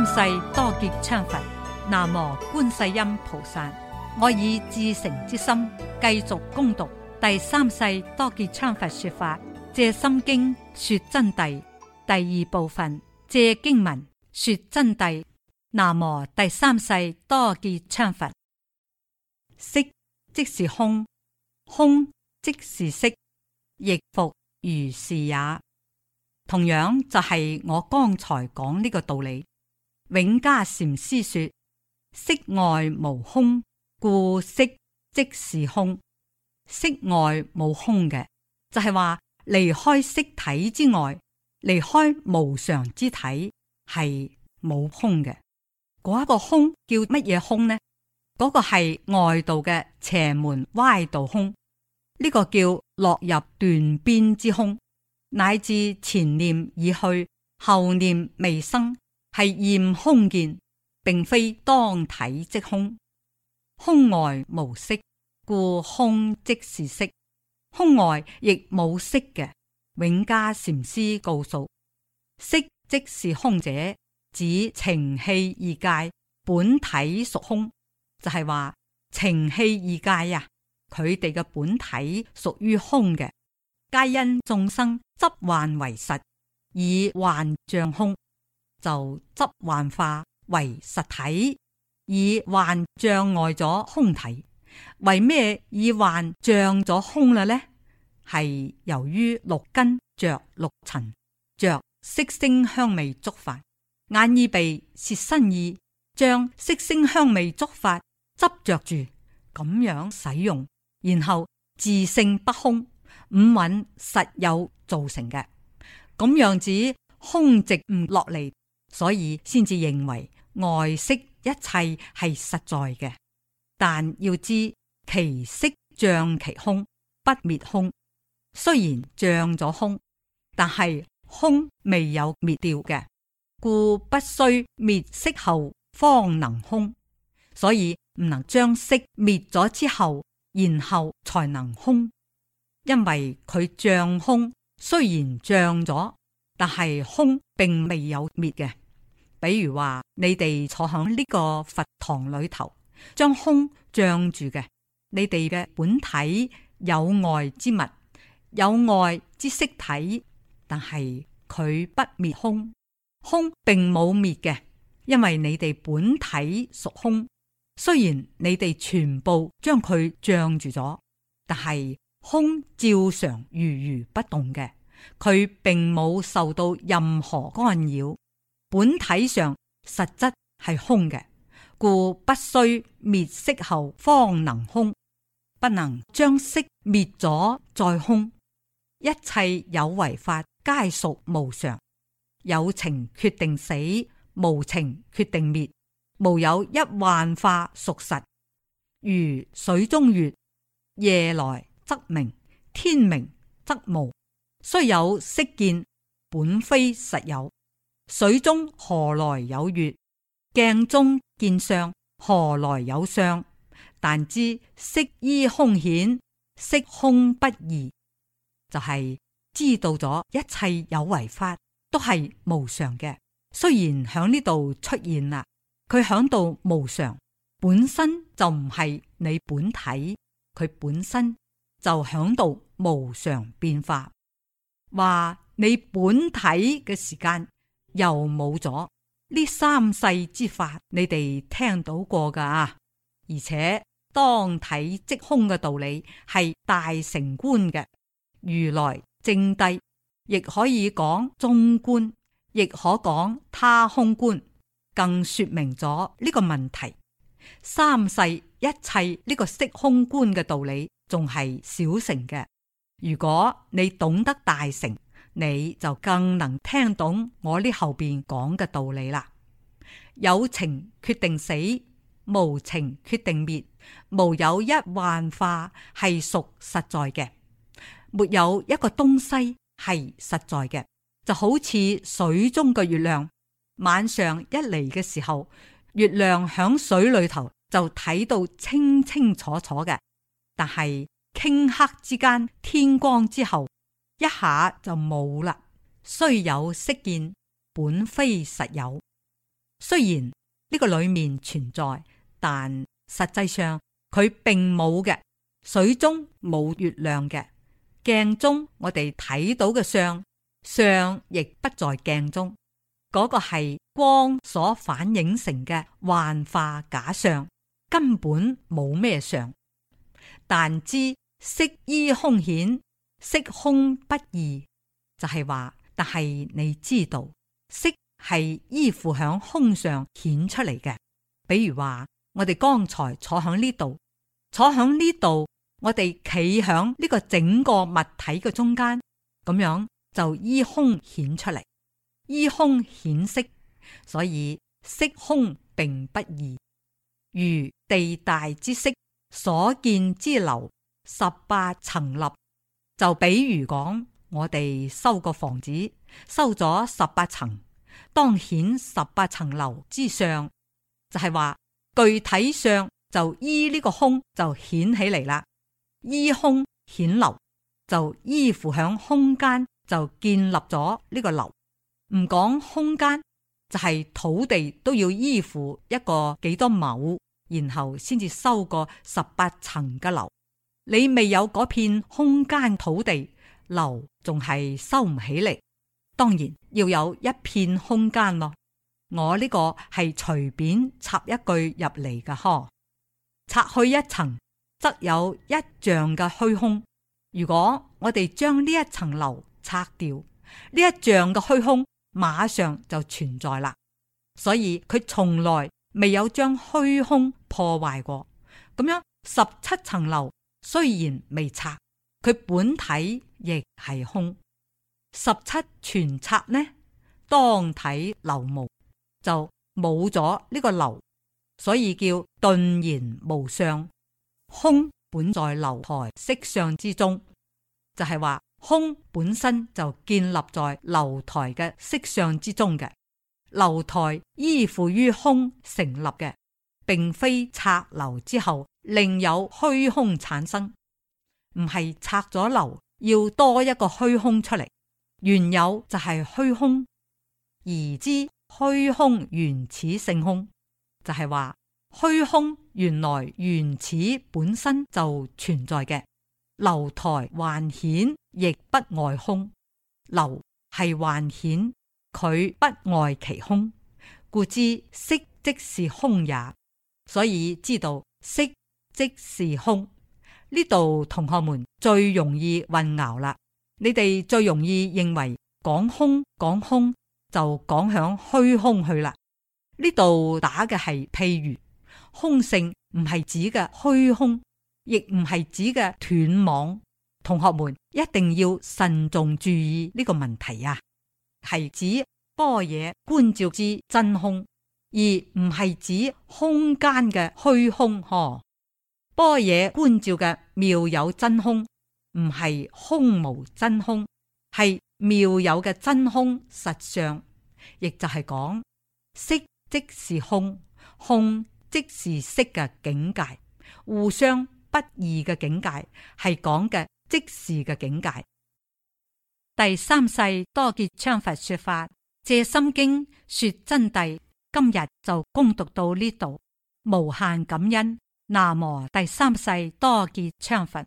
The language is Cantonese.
三世多杰羌佛，南無觀世音菩薩。我以至誠之心，繼續恭讀第三世多杰羌佛說法《藉心經》，說真諦第二部分《藉經文》，說真諦。南無第三世多杰羌佛。色即是空，空即是色，亦復如是也。同樣就係我剛才講呢個道理。永嘉禪師說：色外無空，故色即是空。色外冇空嘅，就係、是、話離開色體之外，離開無常之體，係冇空嘅。嗰、那、一個空叫乜嘢空呢？嗰、那個係外道嘅邪門歪道空，呢、這個叫落入斷邊之空，乃至前念已去，後念未生。係驗空見，並非當體即空。空外無色，故空即是色；空外亦冇色嘅。永嘉禪師告訴：色即是空者，指情器二界本體屬空，就係、是、話情器二界啊，佢哋嘅本體屬於空嘅，皆因眾生執幻為實，以幻象空。就執幻化為實體，以幻障礙咗空體。為咩以幻障咗空嘞？呢係由於六根着六塵，着色聲香味觸法，眼耳鼻舌身意將色聲香味觸法執着住，咁樣使用，然後自性不空，五蘊實有造成嘅。咁樣子空直唔落嚟。所以先至認為外色一切係實在嘅，但要知其色障其空，不滅空。雖然障咗空，但係空未有滅掉嘅，故不須滅色後方能空。所以唔能將色滅咗之後，然後才能空，因為佢障空雖然障咗，但係空並未有滅嘅。比如話，你哋坐響呢個佛堂裏頭，將空脹住嘅。你哋嘅本體有礙之物，有礙之色體，但係佢不滅空，空並冇滅嘅，因為你哋本體屬空，雖然你哋全部將佢脹住咗，但係空照常如如不動嘅，佢並冇受到任何干擾。本體上實質係空嘅，故不須滅色後方能空，不能將色滅咗再空。一切有為法皆屬無常，有情決定死，無情決定滅，無有一幻化屬實。如水中月，夜來則明，天明則無。雖有色見，本非實有。水中何來有月？鏡中見相，何來有相？但知色依空顯，色空不異，就係、是、知道咗一切有為法都係無常嘅。雖然喺呢度出現啦，佢喺度無常，本身就唔係你本體，佢本身就喺度無常變化。話你本體嘅時間。又冇咗呢三世之法，你哋聽到過噶啊！而且當體即空嘅道理係大乘觀嘅，如來正諦亦可以講中觀，亦可講他空觀，更說明咗呢個問題。三世一切呢個即空觀嘅道理仲係小乘嘅，如果你懂得大乘。你就更能聽懂我呢後邊講嘅道理啦。有情決定死，無情決定滅，無有一幻化係屬實在嘅，沒有一個東西係實在嘅，就好似水中嘅月亮，晚上一嚟嘅時候，月亮響水裏頭就睇到清清楚楚嘅，但係頃刻之間天光之後。一下就冇啦。雖有色見，本非實有。雖然呢個裏面存在，但實際上佢並冇嘅。水中冇月亮嘅，鏡中我哋睇到嘅相，相亦不在鏡中。嗰、那個係光所反映成嘅幻化假相，根本冇咩相。但知色依空顯。色空不異，就係、是、話，但係你知道，色係依附響空上顯出嚟嘅。比如話，我哋剛才坐響呢度，坐響呢度，我哋企響呢個整個物體嘅中間，咁樣就依空顯出嚟，依空顯色，所以色空並不異。如地大之色，所見之流，十八層立。就比如講，我哋修個房子，修咗十八層，當顯十八層樓之上，就係話具體上就依呢個空就顯起嚟啦，依空顯樓，就依附響空間就建立咗呢個樓，唔講空間就係土地都要依附一個幾多畝，然後先至修個十八層嘅樓。你未有嗰片空間土地，樓仲係收唔起嚟。當然要有一片空間咯。我呢個係隨便插一句入嚟嘅，呵。拆去一層，則有一丈嘅虛空。如果我哋將呢一層樓拆掉，呢一丈嘅虛空馬上就存在啦。所以佢從來未有將虛空破壞過。咁樣十七層樓。雖然未拆，佢本體亦係空。十七全拆呢，當體樓無，就冇咗呢個樓，所以叫頓然無相。空本在樓台色相之中，就係、是、話空本身就建立在樓台嘅色相之中嘅，樓台依附於空成立嘅，並非拆樓之後。另有虛空產生，唔係拆咗樓要多一個虛空出嚟，原有就係虛空，而知虛空原始性空，就係、是、話虛空原來原始本身就存在嘅。樓台幻顯亦不外空，樓係幻顯，佢不外其空，故知色即是空也。所以知道色，即是空，呢度同學們最容易混淆啦。你哋最容易認為講空講空就講響虛空去啦。呢度打嘅係譬如空性，唔係指嘅虛空，亦唔係指嘅斷妄。同學們一定要慎重注意呢個問題啊，係指般若觀照之真空，而唔係指空間嘅虛空呵。般若觀照嘅妙有真空，唔係空無真空，係妙有嘅真空實相，亦就係講色即是空，空即是色嘅境界，互相不二嘅境界，係講嘅即事嘅境界。第三世多杰羌佛說法《藉心經》說真諦，今日就攻讀到呢度，無限感恩。南無第三世多杰羌佛。